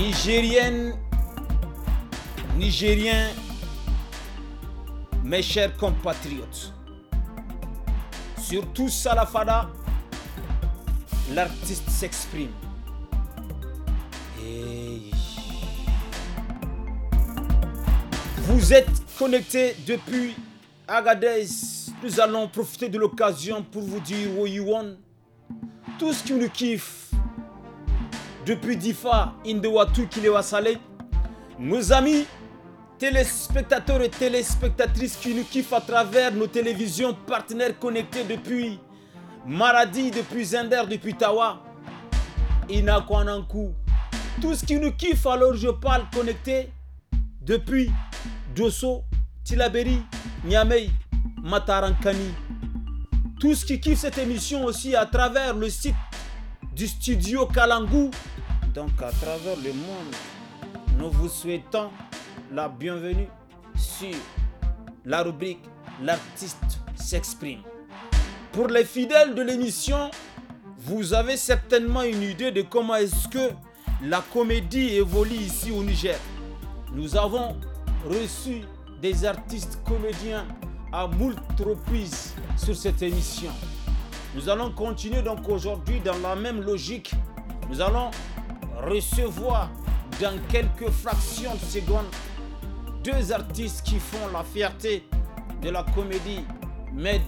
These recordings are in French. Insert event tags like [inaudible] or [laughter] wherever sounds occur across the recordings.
Nigérienne, Nigérien, mes chers compatriotes, surtout Salafada, l'artiste s'exprime. Vous êtes connectés depuis Agadez. Nous allons profiter de l'occasion pour vous dire what you want. Tout ce qui nous kiffe, depuis Difa, Indewatu, Kilewa Saleh. Nos amis téléspectateurs et téléspectatrices qui nous kiffent à travers nos télévisions partenaires connectés depuis Maradi, depuis Zender, depuis Tawa, Inakwanankou. Tous qui nous kiffent, alors je parle connecté depuis Dosso, Tilaberi, Niamey, Matarankani. ce qui kiffent cette émission aussi à travers le site du studio Kalangou donc à travers le monde. Nous vous souhaitons la bienvenue sur la rubrique L'artiste s'exprime. Pour les fidèles de l'émission, vous avez certainement une idée de comment est-ce que la comédie évolue ici au Niger. Nous avons reçu des artistes comédiens à moult reprises sur cette émission. Nous allons continuer donc aujourd'hui dans la même logique. Nous allons recevoir dans quelques fractions de secondes deux artistes qui font la fierté de la comédie Made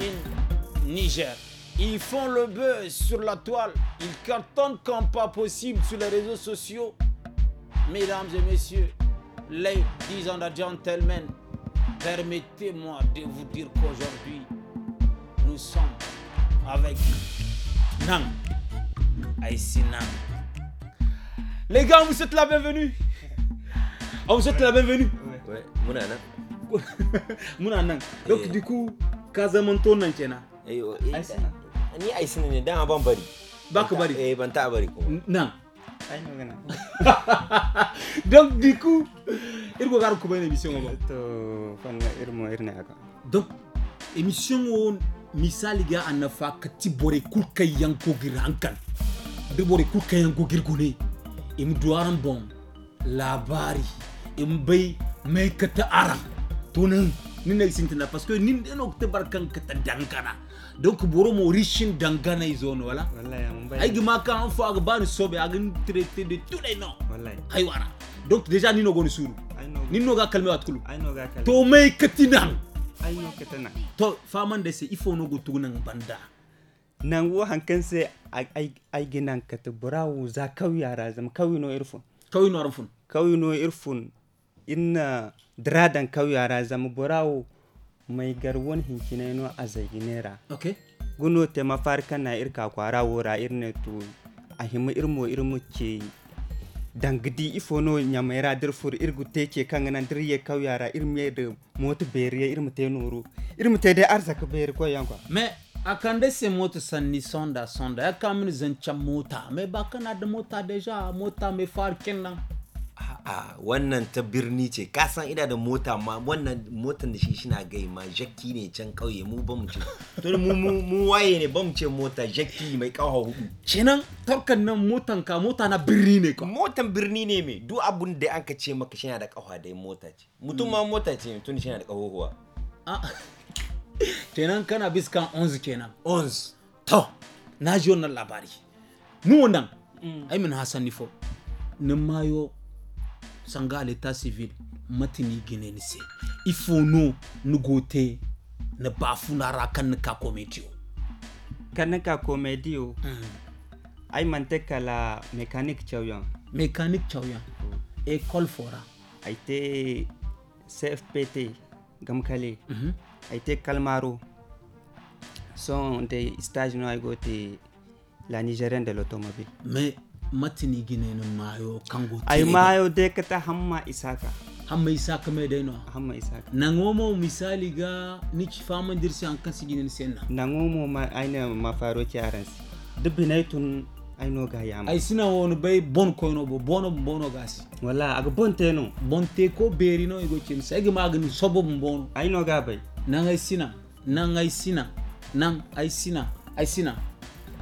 in Niger. Ils font le buzz sur la toile, ils cartonnent quand pas possible sur les réseaux sociaux. Mesdames et messieurs, ladies and gentlemen, permettez-moi de vous dire qu'aujourd'hui, nous sommes avec Nang, Aïssi Nang. Les gars, on vous souhaite la bienvenue. On ah, vous souhaite la bienvenue. Ouais, mon anan. [laughs] Mon anan. Donc, eh. du coup, Kazamanto Nanchena. Eh, oh, eh. Ni Aïsine ne dan ban bari. Baka bari. Eh, ban ta bari ko. Nan. Ai [laughs] Donc, du coup, irgo gar ku bane émission ba. To, fanna irmo irne aka. Donc, émission on misali ga annafa kati bore kul kayanko girankan. De bore kul kayanko im duaran bon labari im bay mai kata aran tunan nina isintina parce que nin eno te barkan kata dangana donc boro mo rishin dangana izono wala wallahi ay gima kan an fo aga bani sobe aga traité de tous les noms wallahi hay wara donc déjà nino goni suru nino ga kalme wat kulu to mai katinan ay no katana to faman de se ifo no go banda nan wo hankan sai ay ginan kata burawo za kawai yara zama kawai no irfun kawai no irfun kawai no irfun ina diradan kawai yara zam burawu mai garwon hinkine no azaginera ok guno ta mafarka na irka kwara wura irne to ahimu irmo irmo ke dangidi ifo no mai dir fur irgu kan nan dir ye yara irme de mot beriye noro irmu te de arzaka beri ko yankwa me a akande sai mota sanni sonda sonda ya kawo mini zancen mota mai ba kana da mota deja mota mai farkin nan a'a wannan ta birni ce ka san ina da mota ma wannan motan da shi shina gai ma jakki ne can kauye mu ba mu ce to mu mu waye ne ba mu ce mota jakki mai kawo hudu kenan tarkan nan motan ka mota na birni ne ka motan birni ne me duk abun da an ka ce maka shi da kawo dai mota ce mutum ma mota ce mutum shi da kawo huwa kenan kana biskan 11 kenan 11 to na ji wannan labari nu wannan mm. ai min hasan nifo nan mayo sanga alita civil matini gine ni se ifo no ni gote na bafu na rakan ni ka komediyo kan ka komediyo mm. ai man te kala mekanik chawyan mekanik chawyan mm. call fora te cfpt gamkale mm -hmm. I take So on the stage now I go to La Nigerian de l'automobile. Me matini gine mayo kango. Ay mayo de kata hamma isaka. hamma isaka de daino hamma isaka na misali ga ni ci faman dirsi an kan siginin senna na ma aina ma faro ki aransi dubbinai tun aynoga yama ay sina bay bon koynoɓo bono bono gasi wala aga bon bonte ko berino ego cen sayge magani sobo mo bono aynoga bay nan ay sina nan ay sina nan ay sina ay sina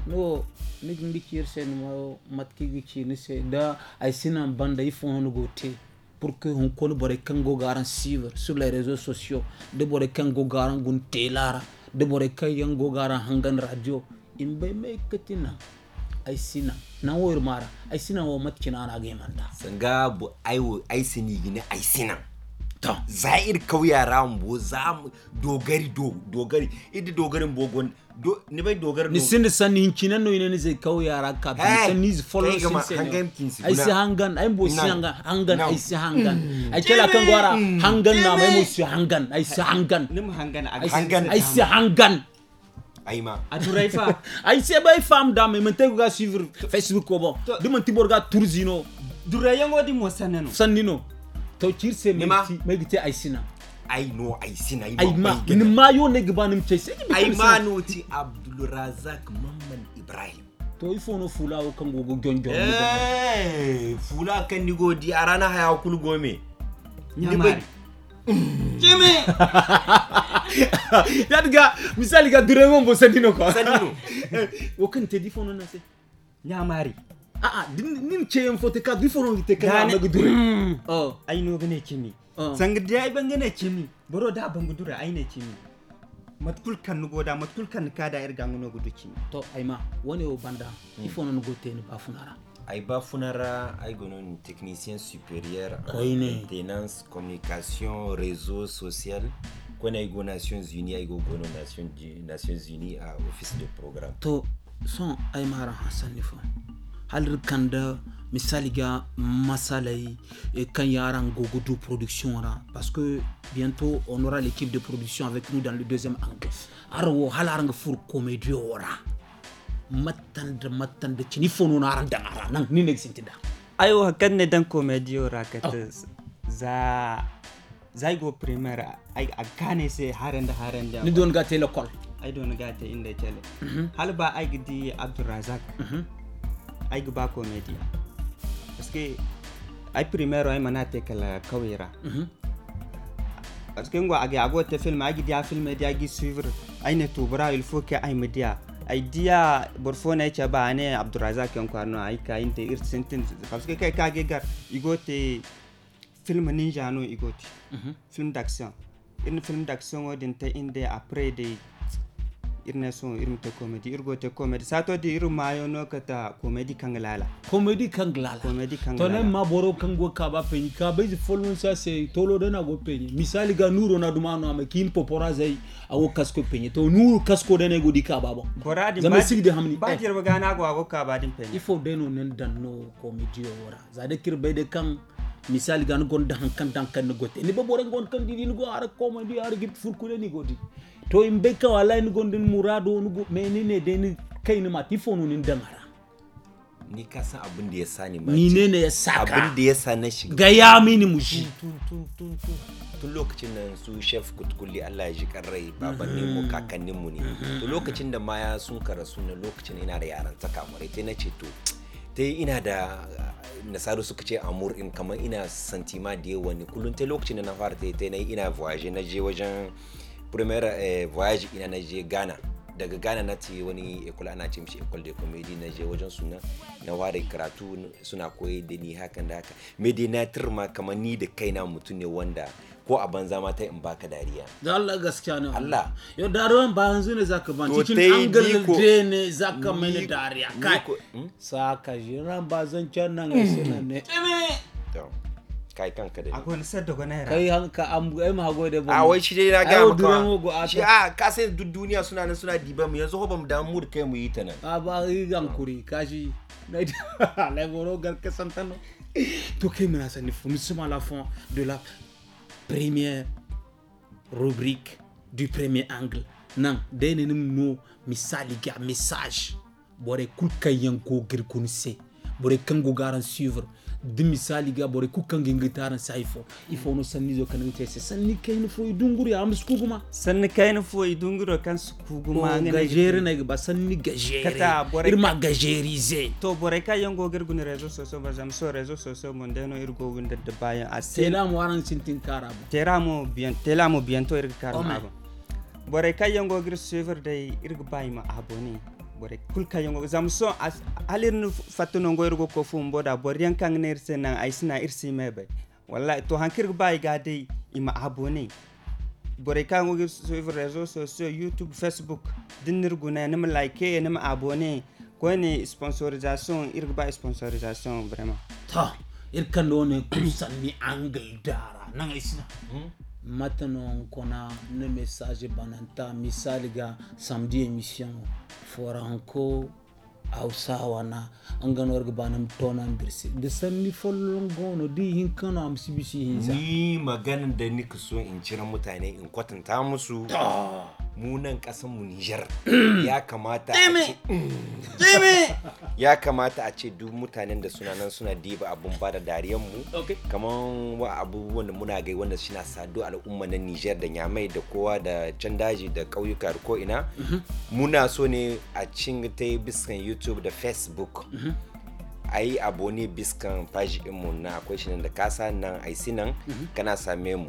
no nig ndi kir sen ma mat kigi cini se da ay sina banda i fono go te pour que hon kon bore go garan suivre sur les réseaux sociaux de bore kango garan gun telara de bore go garan hangan radio imbe me na ay sina nan wo mara wa sina wo mat kina na ga ta. sanga bu ai wo ai sini gine ai sina to zair kauya ran bo za mu dogari do dogari idi dogarin bogon do ni bai dogar ni sin san ni kinan no ina ni zai kauya ra ka bi san ni follow sin sen hangam ai si hangan ai bo si hangan hangan ai si hangan mm. ai kala kan gwara hangan na mai mu si hangan ai si hangan mu hangan ai si hangan aima aturaifa [laughs] aise bai fam da me mente ga suivre facebook ko bo du mon tibor ga tour zino dura yango di mo saneno sanino to chir se me ti me gite aisina i know aisina ima aima ni ma yo ne ga banim chese aima no ti abdul razak mamman ibrahim to i fono fula o kan gogo gonjo eh fula kan ni go di arana haya kul go me ni bai Jimmy. [laughs] Yadga, misali ga dure mon bosa dino ko. Sa dino. [laughs] Wo kan te difono na se. Nya mari. Ah ah, nim che yon fote ka difono ite ka na ga dure. Mm. Oh, oh. ay no gane chimi. Oh. Sang dia ay bang gane chimi. Boro da bang dure ay ne chimi. Matkul kan nugo da matkul kan ka da irga er ngono gudu chimi. To ay ma, wone wo banda. Difono mm. nugo te ni ba funara. Ayiba Funara ay technicien supérieur en maintenance, communication, réseau social. Kone ay Nations Unies ay gono Nations, Unies a office de programme. To son ay mara hasan ne fo. Halir kanda misali masalai kan yaran production ra parce que bientôt on aura l'équipe de production avec nous dans le deuxième angle. Arwo halarang fur comédie ora. matanda matanda chini fono na aranda ara nan ni ne sinti da ayo hakan ne dan komediyo rakat oh. za za go primer ai akane se haranda haranda ni don ga tele kol ai don ga te inda tele mhm. hal ba ai gidi abdurazak mhm. ai ba komediya parce que ai primero ai manate kala kawira mhm. parce que ngwa age ago te film agi dia film media gi suivre ai ne tubra il faut que ai media idea borfona ica ba ane abdurazak yankwano aika inte ir sentin parce que kai kage gar igote film ninja no igote mhm. film d'action irin film d'action wadin ta inda après dai irna so irum te comedy irgo te sato di irum mayo no kata comedy kanglala comedy kanglala comedy kanglala tonen ma boro kango kaba peni kaba izi folon sa se tolo dena go peni misali ga nuro na dumano ame kin popora zai awo kasko peni to nuro kasko dena go di kaba bo boradi zame sigi de hamni ba dir eh. ga na go ago kaba din peni ifo deno nen danno comedy wora. zade kirbe de kan misali gan gon dan kan dan kan gote ni bo boro gon kan di ni go ara comedy ara git furkure ni go di to in be kan ni gondin murado ni go me ni ne dai ni kai ni ma ti fonu ni dangara ni ka san abin da ya sa ni ma ni ne ne ya sa ka abin da ya sa na shiga ga ya mini mushi tun tun tun tun tun lokacin da su chef kutkulli Allah ya ji karrai ne mu mhm. kakannin mu ne mhm. to lokacin da maya sun karasu na lokacin ina da yaran ta kamurai sai na ce to ta ina da nasaru suka ce amur in kamar ina santima da yawa ne kullum ta lokacin da na fara ta yi na ina voyage na je wajen premier eh, voyage ina na je ghana daga ghana na ce wani ekol ana ce mishi ekol de comedy na je wajen suna na ware karatu suna koyi da ni haka da haka me dai na turma kamar ni da kaina mutum ne wanda ko a banza ma ta in baka dariya da Allah gaskiya ne Allah yo dariyan ba yanzu ne zaka ban cikin angal de ne zaka mai dariya kai hmm? ka jiran ba zan can nan sai nan ne kai kanka da akwai nisar da gwana kai hanka an ai mu hago da a wai shi dai na ga ah, maka shi a ka sai duk duniya suna nan suna diba mu yanzu ho ba mu damu mu da kai mu yi ta nan a ah, ba yi gankuri kashi na [laughs] lai boro gar ka santano to kai mena sa ni fu nous sommes la fin de la première rubrique du premier angle nan dai ne no misali ga message bore kulkayen yanko girkun se bore kango garan suivre di misali ga bore ku kan gingi taran sai fo ifo no sanni zo kan ngi se sanni kain fo i dunguru ya amsu kuguma sanni kain fo i dunguru kan su kuguma oh, ne jere na ba sanni jere kata bore irma gajerize to bore ka yango ger gun rezo so ba zam so rezo so mon de no irgo gun de bayan ase telamo waran sintin karaba telamo bien telamo bientôt irga karaba bore ka yango gir suivre dai irga bayma abone bore kulka yongo zamso alirnu fattuno ngoyrugo ko fu mboda bo riyan kan nan irsi mebe wallahi to hankir bay gade ima abone bore kan ngogi sur réseaux sociaux youtube facebook dinir guna nim like nim abone ko ne sponsorisation irba sponsorisation vraiment ta irkan do ne kursan angle dara nan aisna hmm? maintenant qu'on a le message bananta misaliga samedi émission foranko hausawa na angano warga banam tonan birsi da sanni follon gono di hinkano am sibisi hinsa ni maganan da nika so in cire mutane in kwatanta musu munan nan mu Nijar mm. ya kamata mm. [laughs] ya kamata a ce duk mutanen da suna nan suna diba abun ba da dariyan mu kaman wa abubuwan da muna gai wanda suna sadu al'umma na Nijar da Nyamai da kowa da can daji da ƙauyuka da ko ina mhm. muna so ne a cin ta biskan YouTube da Facebook mhm. a yi abu ne biskan fashi mu na akwai shi nan da kasa nan aisi nan mhm. kana same mu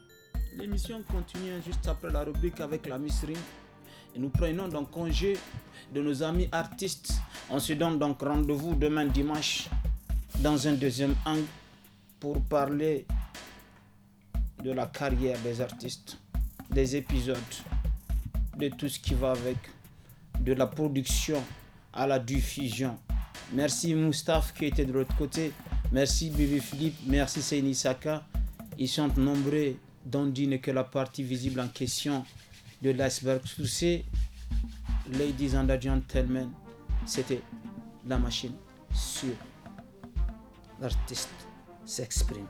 L'émission continue hein, juste après la rubrique avec la Miss Et nous prenons donc congé de nos amis artistes. On se donne donc rendez-vous demain dimanche dans un deuxième angle pour parler de la carrière des artistes, des épisodes, de tout ce qui va avec, de la production à la diffusion. Merci Moustaphe qui était de l'autre côté. Merci Bibi Philippe. Merci Saka. Ils sont nombreux dit n'est que la partie visible en question de l'iceberg souci. Ladies and gentlemen, c'était la machine sur l'artiste s'exprime.